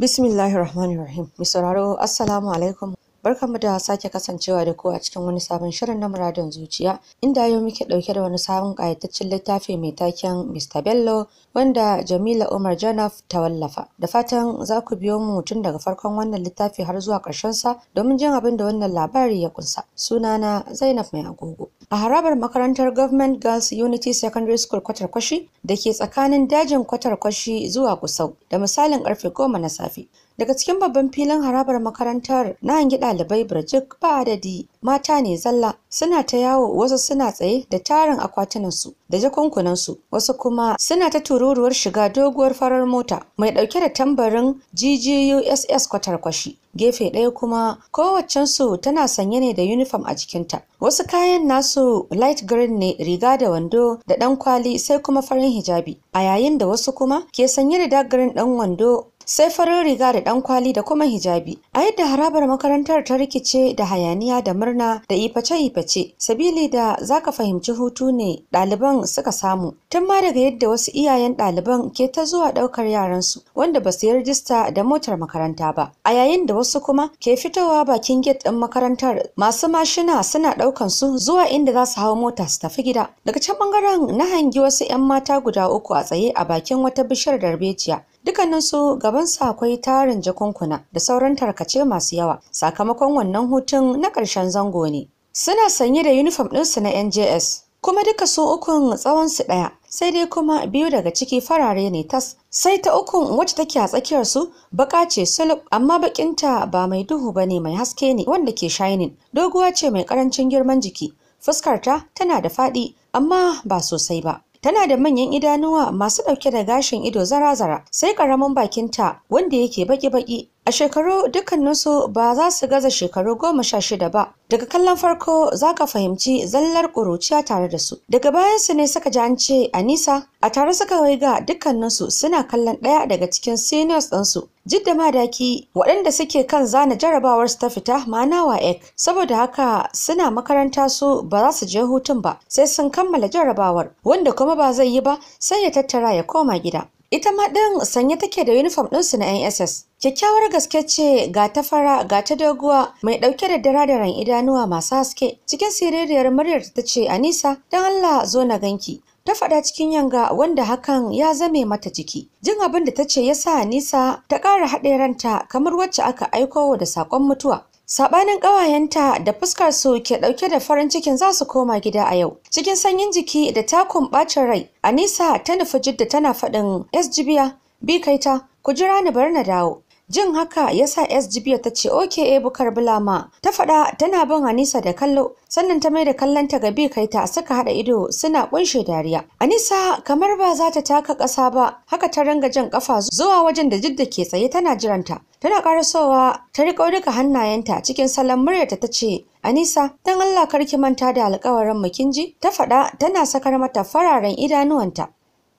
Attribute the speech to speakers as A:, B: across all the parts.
A: Bismillahirrahmanirrahim. Mai sauraro Assalamu alaikum Barkanmu da sake kasancewa da ku a cikin wani sabon shirin na muradin zuciya inda yau muke dauke da wani sabon kayataccen littafi mai taken Mr. Bello wanda Jamila Umar Janaf ta wallafa. Da fatan za ku biyo mu tun daga farkon wannan littafi har zuwa karshen sa domin jin abin da wannan labari ya kunsa. Sunana Zainab Mai Agogo. A harabar makarantar Government Girls Unity Secondary School kwatar kwashi da ke tsakanin dajin kwatar kwashi zuwa Kusau da misalin karfe goma na safe. Daga cikin babban filin harabar makarantar na hangi ɗalibai birjik ba adadi mata ne zalla suna ta yawo wasu suna tsaye da tarin akwatunansu da jakunkunansu wasu kuma suna ta tururuwar shiga doguwar farar mota mai ɗauke da tambarin GGUSS kwatarkwashi. Gefe ɗaya kuma kowaccensu tana sanye ne da uniform a jikinta. Wasu kayan nasu light green ne riga da wando da ɗan kwali sai kuma farin hijabi. A yayin da wasu kuma ke sanye da dark green ɗan wando sai farin riga da ɗan kwali da kuma hijabi. A yadda harabar makarantar ta rikice da hayaniya da murna da iface-iface, sabili da zaka fahimci hutu ne ɗaliban suka samu. Tun ma daga yadda wasu iyayen ɗaliban ke ta zuwa ɗaukar yaransu wanda ba su yi rijista da motar makaranta ba. A yayin da wasu kuma ke fitowa bakin gate ɗin makarantar masu mashina suna ɗaukan su zuwa inda za su hau mota su tafi gida. Daga can ɓangaren na hangi wasu 'yan mata guda uku a tsaye a bakin wata bishiyar darbejiya Dukkaninsu gabansu akwai tarin jakunkuna da sauran tarkace masu yawa sakamakon wannan hutun na karshen zango ne. Suna sanye da yunifom su na NJS kuma duka su ukun su daya sai dai kuma biyu daga ciki farare ne tas sai ta ukun wacce take a tsakiyar su baka ce sulub amma bakin ta ba mai duhu bane mai haske ne wanda ke shining doguwa ce mai karancin girman jiki fuskar ta tana da fadi amma ba sosai ba tana da manyan idanuwa masu ɗauke da gashin ido zara-zara sai ƙaramin bakinta wanda yake baƙi-baƙi. A shekaru dukkaninsu ba za su gaza shekaru goma sha shida ba. Daga kallon farko za ka fahimci zallar ƙuruciya tare da su. Daga bayansu ne suka ji an ce Anisa a tare suka ga, dukkaninsu suna kallon ɗaya daga cikin seniors ɗinsu. Jidda Madaki waɗanda suke kan zana jarabawar su ta fita ma'ana wa ek saboda haka suna makaranta su ba za su je hutun ba sai sun kammala jarabawar wanda kuma ba zai yi ba sai ya tattara ya koma gida. ita ma ɗin sanye take da uniform ɗinsu na NSS. Kyakkyawar gaske ce ga ta fara ga ta doguwa mai ɗauke da dara ran idanuwa masu haske. Cikin siririyar muryar ta ce Anisa don Allah zo na ganki. Ta faɗa cikin yanga wanda hakan ya zame mata jiki. Jin abin da ta ce ya sa Anisa ta ƙara haɗe ranta kamar wacce aka aiko da saƙon mutuwa. Sabanin ƙawayenta da fuskar su ke ɗauke da farin cikin za su koma gida a yau. Cikin sanyin jiki da takun ɓacin rai, Anisa ta nufi Jidda tana faɗin SGBiya, bi kaita, ku jira ni bari na dawo. Jin haka ya sa SGB ta ce OK Ebu eh, Karbulama. Ta faɗa tana bin Anisa da kallo sannan ta mai da kallon ta ga bi kai ta suka haɗa ido suna kunshe dariya. Anisa kamar ba za ta taka ƙasa ba haka ta ringa jan ƙafa zuwa wajen da Jidda ke tsaye tana jiranta. Tana karasowa ta riƙo duka hannayenta cikin salon muryarta ta ce Anisa dan Allah karki manta da alƙawarin mu kinji ta faɗa tana sakar mata fararen idanuwanta.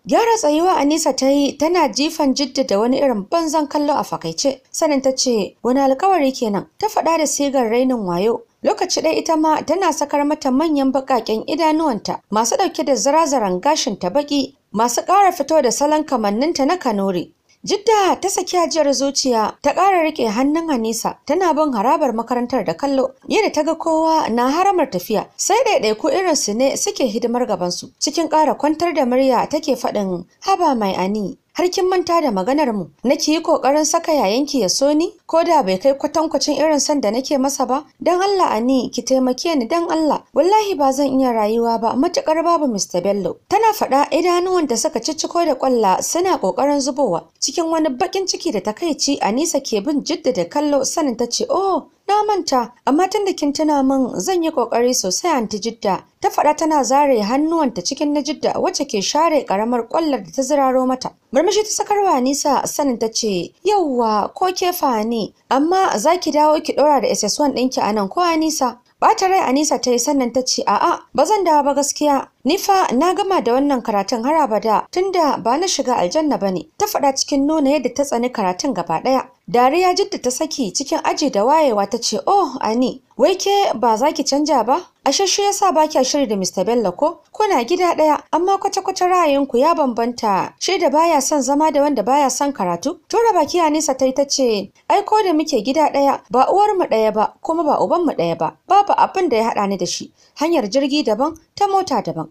A: Gyara tsayuwa Anisa ta yi tana jifan jidda da wani irin banzan kallo a fakaice. Sanin ta ce wani alkawari kenan ta faɗa da sigar rainin wayo. Lokaci ɗaya ita ma tana sakar mata manyan baƙaƙen idanuwanta masu ɗauke da zirazaran gashin ta baƙi masu ƙara fito da salon kamanninta na kanuri. Jidda ta saki ajiyar zuciya ta ƙara riƙe hannun Hanisa tana bin harabar makarantar da kallo yadda ta ga kowa na haramar tafiya sai ɗaiɗaiku irin su ne suke hidimar gabansu cikin ƙara kwantar da murya take faɗin haba mai ani har kin manta da maganar mu nake yi kokarin saka yayanki ya so ni ko da bai kai kwatankwacin irin san da nake masa ba dan Allah ani ki taimake ni dan Allah wallahi ba zan iya rayuwa ba matukar babu Mr Bello tana faɗa idanuwan da suka cicciko da kwalla suna kokarin zubowa cikin wani bakin ciki da takaici Anisa ke bin jidda da kallo sanin ta ce oh na manta amma tun da kin tuna min zan yi kokari sosai anti jidda ta faɗa tana zare hannuwanta cikin na jidda wacce ke share karamar kwallar da ta ziraro mata murmushi ta sakarwa nisa sanin ta ce yauwa ko ke fani, amma za ki dawo ki ɗora da ss1 ɗinki anan ko a nisa bata rai Anisa ta yi sannan ta ce a'a ba zan dawo ba gaskiya Ni fa na gama da wannan karatun har abada tunda ba na shiga aljanna ba ne. Ta faɗa cikin nuna yadda ta tsani karatun gaba ɗaya. Dariya jidda ta saki cikin aji da wayewa ta ce, "Oh, Ani, wai ke ba za ki canja ba?" Ashe shi yasa ba kya shiri da Mr. Bello ko? Kuna gida ɗaya, amma kwata-kwata ku ya bambanta. Shi da baya son zama da wanda baya son karatu. Tura baki a nisa ta yi ta ce, "Ai ko da muke gida ɗaya, ba uwar mu ɗaya ba, kuma ba uban mu ɗaya ba. Babu abin da ya haɗa ni da shi. Hanyar jirgi daban, ta mota daban.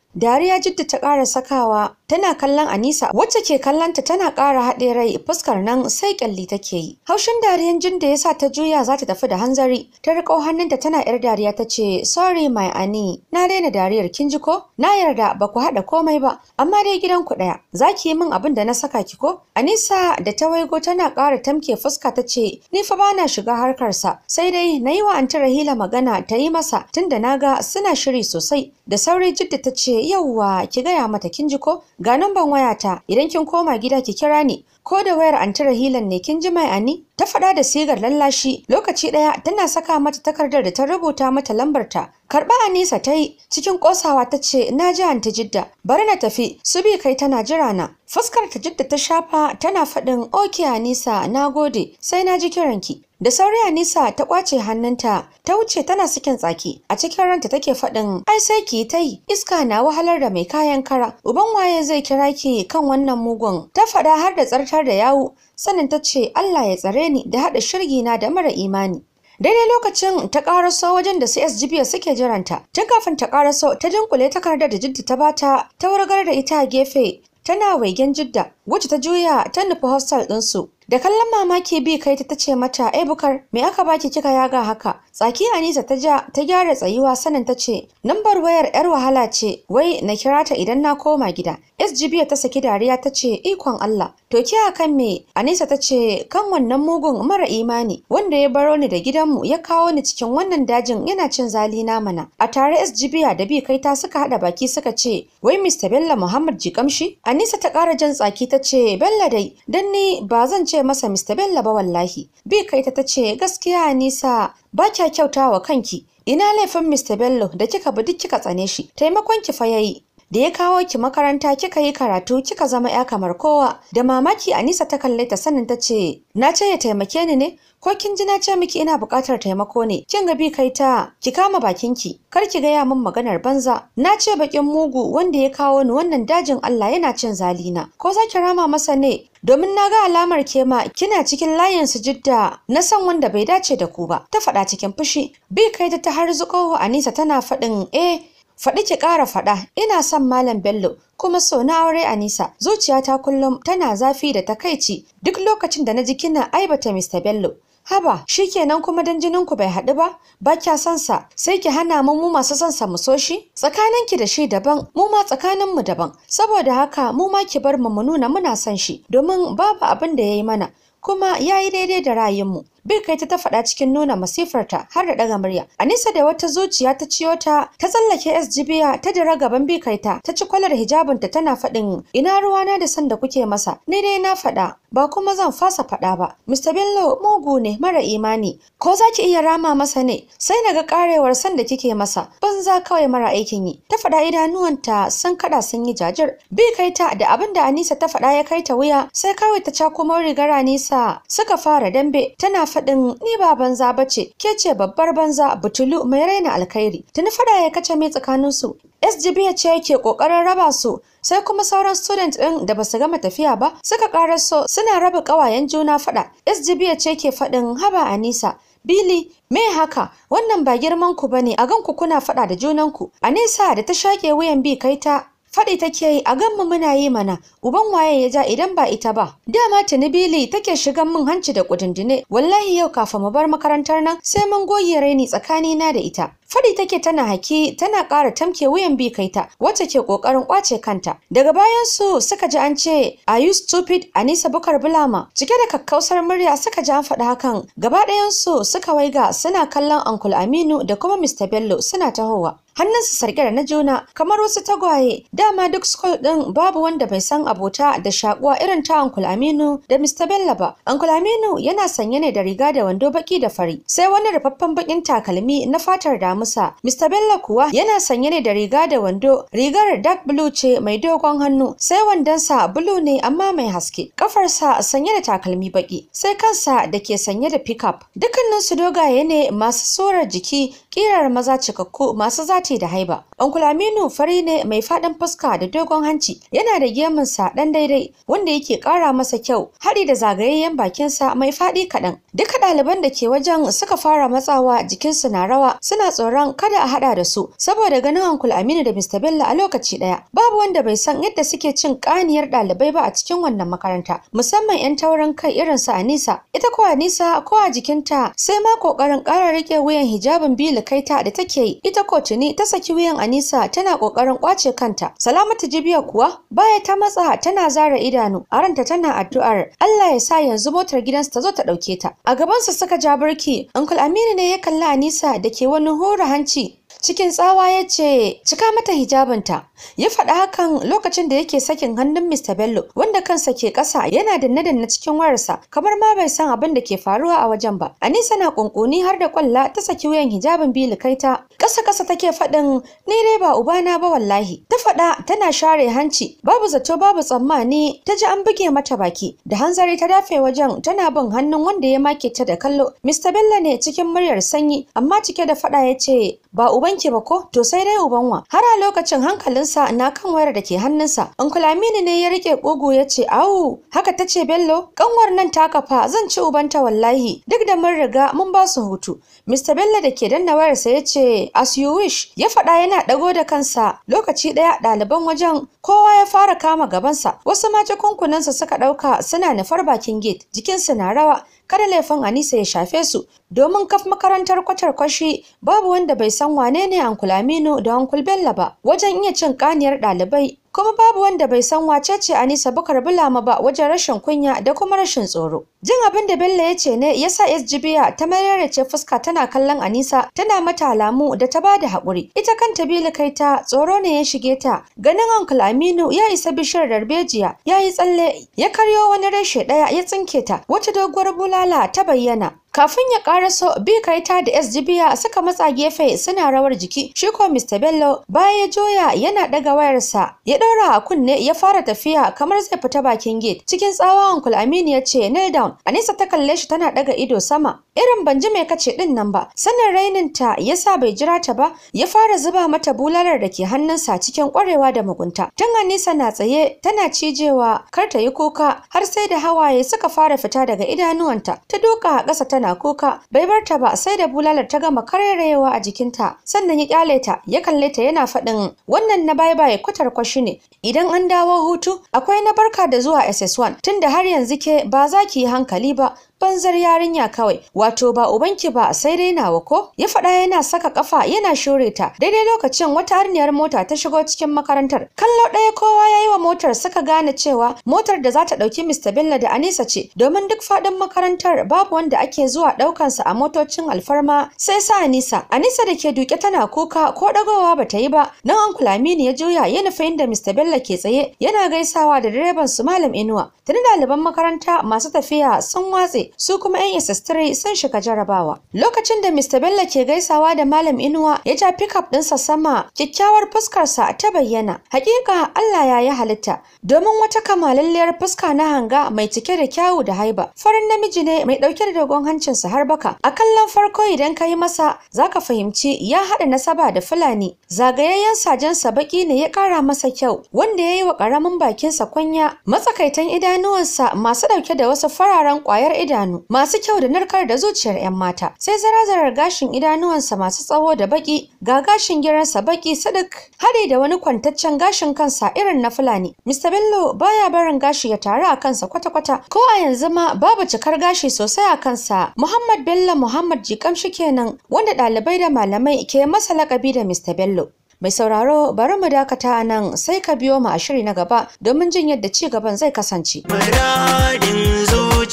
A: Dariya Jidda ta ƙara sakawa tana kallon Anisa wacce ke kallonta tana ƙara haɗe rai fuskar nan sai ƙyalli take yi. Haushin dariyan da ya sa ta juya za ta tafi da hanzari ta riƙo hannunta tana ‘yar dariya ta ce sorry my ani na daina dariyar kin ji ko na yarda ba ku haɗa komai ba amma dai gidan ku ɗaya za ki yi min abin da na saka ki ko. Anisa da ta waigo tana ƙara tamke fuska ta ce ni fa bana shiga harkarsa sai dai na yi wa anti Rahila magana ta yi masa tunda na ga suna shiri sosai da sauri Jidda ta ce yawwa ki gaya mata kin ji ko ga namban wayata idan kin koma gida ki kira ni ko da wayar antara hilan ne kin ji mai ani ta faɗa da sigar lallashi lokaci ɗaya tana saka mata takardar da ta rubuta mata lambarta karɓa Anisa ta yi cikin kosawa ta ce na ji ta jidda bari na tafi su bi kai tana jira na fuskar ta jidda ta shafa tana faɗin oke Anisa na gode sai na ji kiranki da sauri Anisa ta kwace hannunta ta wuce tana sikin tsaki a cikin ranta take faɗin ai sai ki ta iska na wahalar da mai kayan kara uban waye zai kira ki kan wannan mugun ta faɗa har da tsartar da yawu sannan ta ce Allah ya tsare ni da haɗa shirgi na da mara imani daidai lokacin ta karaso wajen da CSGB suke jiranta tun kafin ta karaso ta dunkule takardar da jidda ta bata ta wargar da ita a gefe tana waigen jidda wuce ta juya ta nufi hostel ɗinsu da kallon mamaki bi kai ta tace mata ai eh, bukar me aka baki kika yaga haka tsaki anisa ta ja ta gyara tsayuwa sanin ta ce lambar wayar yar wahala ce wai na kira ta idan na koma gida sgb ta saki dariya ta ce ikon allah to ki kan me anisa ta ce kan wannan mugun mara imani wanda ya baro ni da gidanmu ya kawo ni cikin wannan dajin yana cin zali na mana a tare sgb da bi kai ta suka hada baki suka ce wai mr bella muhammad ji kamshi? anisa ta kara jan tsaki ta ce bella dai dan ni ba zan ce masa Mr. Bello ba wallahi. Bi kai ta ce gaskiya Nisa ba kya kyauta wa kanki. Ina laifin Mr. Bello da kika bi duk kika tsane shi. Taimakon ki fa yayi. Da ya kawo ki makaranta kika yi karatu kika zama ya kamar kowa. Da mamaki Anisa ta kalle ta sanin ta ce na ce ya taimake ni ne ko kin ji na ce miki ina buƙatar taimako ne kin ga bi kai ta ki kama bakinki kar ki gaya min maganar banza na ce bakin mugu wanda ya kawo ni wannan dajin Allah yana cin zalina ko za ki rama masa ne domin na ga alamar kema kina cikin layin sujidda na san wanda bai dace da ku ba ta faɗa cikin fushi bi kai ta har zuƙo Anisa tana faɗin eh faɗi ki ƙara faɗa ina son malam bello kuma so na aure anisa zuciyata kullum tana zafi da takaici duk lokacin da na ji kina aibata mr bello haba shikenan kuma dan jinin ku bai haɗu ba ba kya son sa sai ki hana mu mu masu son sa mu so shi tsakanin ki da shi daban mu ma tsakanin mu daban saboda haka mu ma ki bar mu mu nuna muna son shi domin babu abin da yayi mana kuma yayi daidai da rayuwar mu Birkai ta faɗa cikin nuna masifarta har da ɗaga murya. Anisa da wata zuciya ta ciyo ta ta tsallake SGBiya ta dira gaban Birkai ta ta ci kwalar ta tana faɗin ina ruwana da sanda kuke masa ni dai na faɗa ba kuma zan fasa faɗa ba. Mr. Bello mugu ne mara imani ko za ki iya rama masa ne sai na ga karewar sanda kike masa banza kawai mara aikin yi. Ta faɗa idanuwanta sun kaɗa sun yi jajir. Birkai ta da abin da Anisa ta faɗa ya kai ta wuya sai kawai ta cako rigar Anisa suka fara dambe tana faɗin ni ba banza ba ce, ke ce babbar banza butulu mai raina alkhairi. Tuni fada ya kace mai su SGB ya ce yake ƙoƙarin raba su sai kuma sauran student ɗin da basu gama tafiya ba suka so suna raba ƙawayen juna faɗa. SGB ya ce ke faɗin haba a Anisa. bili me haka? Wannan ba girman ku bane, a ganku kuna faɗa da junanku. Anisa da ta shaƙe wuyan bi kai ta faɗi take yi a ganmu muna yi mana uban waye ya ja idan ba ita ba dama nabili take shigan min hanci da kudindine wallahi yau kafin mu bar makarantar nan sai mun goge raini tsakanina da ita Fari take tana haki tana ƙara tamke wuyan bi kaita wacce ke ƙoƙarin ƙwace kanta. Daga bayan su suka ji an ce are you stupid Anisa Bukar Bulama cike da kakkausar murya suka ji an faɗi hakan gaba ɗayan su suka waiga suna kallon Uncle Aminu da kuma Mr Bello suna tahowa. hannunsu su da na juna kamar wasu tagwaye dama duk school ɗin babu wanda bai san abota da shakuwa irin ta Uncle Aminu da Mr. Bello ba Uncle Aminu yana sanye ne da riga da wando baki da fari sai wani rufaffen bakin takalmi na fatar damu musa mr bello kuwa yana sanye ne da riga da wando rigar dark blue ce mai dogon hannu sai wandonsa blue ne amma mai haske kafarsa sanye da takalmi baki sai kansa da ke sanye da pickup dukkanin su dogaye ne masu tsorar jiki kirar maza cikakku masu zati da haiba Aminu fari ne mai faɗin fuska da dogon hanci yana da gemunsa ɗan daidai wanda yake ƙara masa kyau haɗi da zagayayyen bakinsa mai faɗi kaɗan duka ɗaliban da ke wajen suka fara matsawa jikinsu na rawa suna tsoron Ran kada a haɗa da su saboda ganin Uncle Aminu da Mr. Bello a lokaci ɗaya. Babu wanda bai san yadda suke cin ƙaniyar ɗalibai ba a cikin wannan makaranta musamman 'yan taurin kai irin su Anisa. Ita ko Anisa ko a jikinta sai ma ƙoƙarin kara rike wuyan hijabin kai kaita da take yi. Ita ko tuni ta saki wuyan Anisa tana kokarin kwace kanta. Salamatu Jibiya kuwa baya ta matsa tana zara idanu a ranta tana addu'ar Allah ya sa yanzu motar gidansu ta zo ta ɗauke ta. A gabansa suka ja birki Uncle Aminu ne ya kalli Anisa da ke wani horo 燃气。cikin tsawa ya ce cika mata hijabinta ya faɗa hakan lokacin da yake sakin hannun Mr. Bello wanda kansa ke ƙasa yana danne danne cikin wayarsa kamar ma bai san abin da ke faruwa a wajen ba Anisa na ƙunƙuni har da kwalla ta saki wuyan hijabin Bilu kaita ƙasa ƙasa take faɗin ni dai ba ubana ba wallahi ta faɗa tana share hanci babu zato babu tsammani ta ji an buge mata baki da hanzari ta dafe wajen tana bin hannun wanda ya make ta da kallo Mr. Bello ne cikin muryar sanyi amma cike da faɗa ya ce ba uba wanke ba ko to sai dai ubanwa har a lokacin hankalinsa na kan wayar da ke hannunsa uncle Aminu ne ya rike kogo ya ce au haka ta ce Bello kanwar nan ta kafa zan ci ubanta wallahi duk da mun riga mun ba su hutu Mr Bello da ke danna wayarsa ya ce as you wish ya faɗa yana ɗago da kansa lokaci ɗaya ɗaliban wajen kowa ya fara kama gabansa wasu ma kunkunansa suka ɗauka suna nufar bakin gate jikinsu na rawa kada laifin Anisa ya shafe su domin kaf makarantar kwatar kwashi babu wanda bai san wane ne Uncle Aminu da Uncle Bello ba wajen iya cin kaniyar ɗalibai kuma babu wanda bai san wace ce Anisa Bukar Bulama ba wajen rashin kunya da kuma rashin tsoro. Jin abin da Bello ya ce ne ya sa SGBA ta ce fuska tana kallon Anisa tana mata alamu da ta bada haƙuri. Ita kanta Bello kai ta tsoro ne ya shige ta. Ganin Uncle Aminu ya isa bishiyar darbejiya ya yi tsalle ya karyo wani reshe ɗaya ya tsinke ta wata doguwar bulala ta bayyana. Kafin ya karaso, bi kaita da ya suka matsa gefe suna rawar jiki. Shi ko Mr. Bello baya ya joya yana ɗaga wayarsa. Ya daura a kunne ya fara tafiya kamar zai fita bakin gate. Cikin tsawa Uncle Aminu ya ce kneel down. Anisa ta kalle shi tana ɗaga ido sama. Irin ban ji mai kace din nan ba. Sanin rainin ta sa bai jira ta ba, ya fara zuba mata bulalar da ke hannunsa cikin kwarewa da mugunta. Tun Anisa na tsaye tana cijewa kar ta yi kuka har sai da hawaye suka fara fita daga idanuwanta. Ta duka a ƙasa tana kuka bai bar ta ba sai da bulalar ta gama karerewa a jikinta sannan ya kyale ta ya kalle ta yana faɗin wannan na bai bai kwatar kwashi ne idan an dawo hutu akwai na barka da zuwa SS1 tunda har yanzu ke ba za ki yi hankali ba banzar yarinya kawai wato ba ubanki ba sai dai nawa ko ya faɗa yana saka kafa yana shore ta daidai lokacin wata arniyar mota ta shigo cikin makarantar kallo ɗaya kowa ya yi wa motar suka gane cewa motar da za ta ɗauki Mr. Bello da Anisa ce domin duk faɗin makarantar babu wanda ake zuwa ɗaukansa a motocin alfarma sai sa Anisa Anisa da ke duke tana kuka ko ɗagowa ba ta yi ba nan an kulamini ya juya ya nufa da Mr. Bello ke tsaye yana gaisawa da direban su Malam Inuwa tuni ɗaliban makaranta masu tafiya sun watse su kuma 'yan isastire sun shiga jarabawa lokacin da Mr Bello ke gaisawa da Malam Inuwa ya ja pickup ɗinsa sama kyakkyawar fuskarsa ta bayyana hakika Allah ya yi halitta domin wata kamalalliyar fuska na hanga mai cike da kyawu da haiba farin namiji ne mai ɗauke da dogon hancinsa har baka a kallon farko idan ka yi masa zaka fahimci ya haɗa nasaba da Fulani zagayayyen sajensa baki ne ya ƙara masa kyau wanda ya yi wa ƙaramin bakinsa kwanya matsakaitan idanuwansa masu ɗauke da wasu fararen ƙwayar idanu idanu masu kyau da narkar da zuciyar 'yan mata sai zarazarar gashin idanuwansa masu tsawo da baki ga gashin giransa baki sadik hade da wani kwantaccen gashin kansa irin na fulani mr bello baya barin gashi ya taru a kansa kwata-kwata ko a yanzu ma babu cikar gashi sosai a kansa muhammad bello muhammad jikamshi kenan wanda ɗalibai da malamai ke masa lakabi da mr bello Mai sauraro bari mu dakata nan sai ka biyo mu a shiri na gaba domin jin yadda ci gaban zai kasance.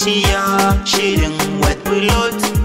A: zuciya shirin wet pilot